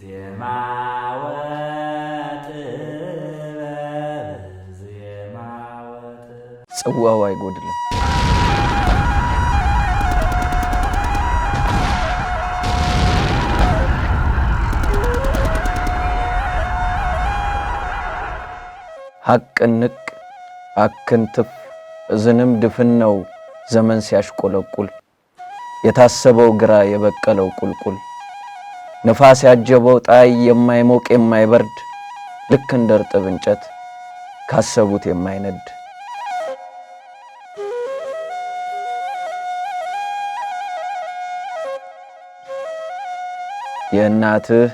ዜማ ጽዋው አይጎድልም። ሐቅን ንቅ አክን ትፍ እዝንም ድፍን ነው ዘመን ሲያሽቆለቁል የታሰበው ግራ የበቀለው ቁልቁል ነፋስ ያጀበው ጣይ የማይሞቅ የማይበርድ ልክ እንደ እርጥብ እንጨት ካሰቡት የማይነድ የእናትህ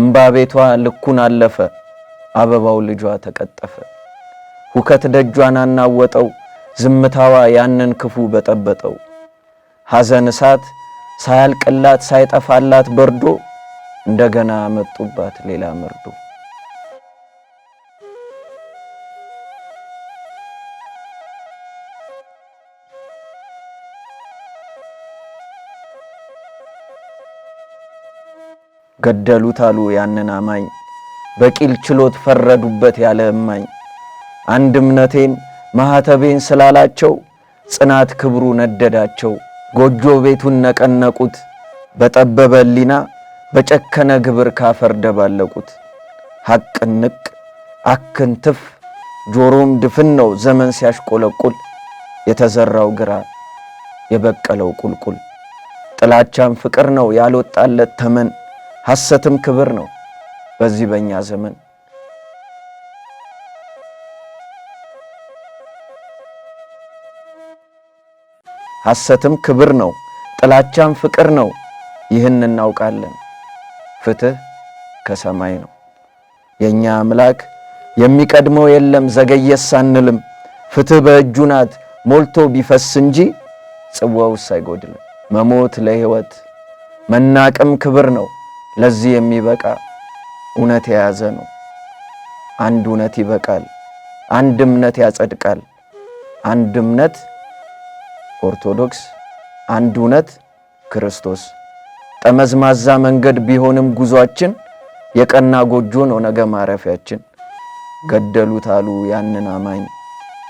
እምባ ቤቷ ልኩን አለፈ፣ አበባው ልጇ ተቀጠፈ። ሁከት ደጇን አናወጠው፣ ዝምታዋ ያንን ክፉ በጠበጠው። ሐዘን እሳት ሳያልቅላት ሳይጠፋላት በርዶ እንደገና መጡባት ሌላ መርዶ። ገደሉት አሉ ያንን አማኝ በቂል ችሎት ፈረዱበት ያለ እማኝ። አንድ እምነቴን ማኅተቤን ስላላቸው ጽናት ክብሩ ነደዳቸው። ጎጆ ቤቱን ነቀነቁት በጠበበ ሕሊና በጨከነ ግብር ካፈር ደባለቁት። ሐቅ ንቅ አክን ትፍ ጆሮም ድፍን ነው ዘመን ሲያሽቆለቁል የተዘራው ግራ የበቀለው ቁልቁል። ጥላቻም ፍቅር ነው ያልወጣለት ተመን፣ ሐሰትም ክብር ነው በዚህ በእኛ ዘመን። ሐሰትም ክብር ነው ጥላቻም ፍቅር ነው፣ ይህን እናውቃለን። ፍትህ ከሰማይ ነው። የእኛ አምላክ የሚቀድመው የለም፣ ዘገየስ አንልም። ፍትህ በእጁ ናት ሞልቶ ቢፈስ እንጂ ጽዋውስ አይጎድልም። መሞት ለሕይወት መናቅም ክብር ነው። ለዚህ የሚበቃ እውነት የያዘ ነው። አንድ እውነት ይበቃል፣ አንድ እምነት ያጸድቃል። አንድ እምነት ኦርቶዶክስ፣ አንድ እውነት ክርስቶስ ጠመዝማዛ መንገድ ቢሆንም ጉዟችን የቀና ጎጆ ነው ነገ ማረፊያችን። ገደሉት አሉ ያንን አማኝ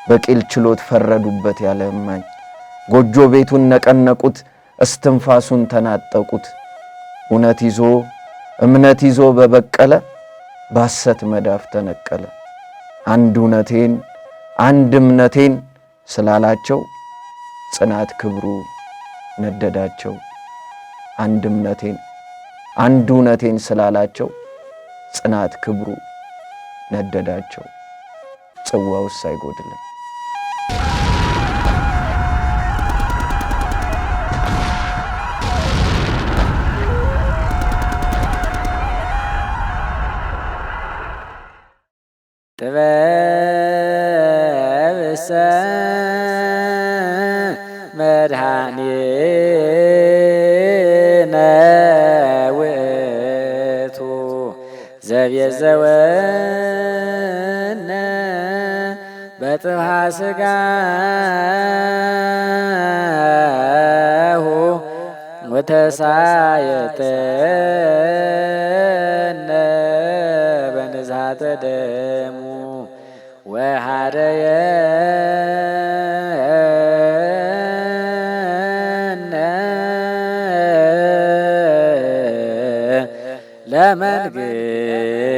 በቂል ችሎት ፈረዱበት ያለ እማኝ። ጎጆ ቤቱን ነቀነቁት፣ እስትንፋሱን ተናጠቁት። እውነት ይዞ እምነት ይዞ በበቀለ ባሰት መዳፍ ተነቀለ። አንድ እውነቴን አንድ እምነቴን ስላላቸው ጽናት ክብሩ ነደዳቸው። አንድነቴን አንዱነቴን ስላላቸው ጽናት ክብሩ ነደዳቸው። ጽዋውስ ውስጥ ጥበብሰ መድኃኔ እመቤት ዘወነ በጥብሃ ስጋሁ ወተሳየተነ በንዝሃተ ደሙ ወሃደየ ለመንግሥት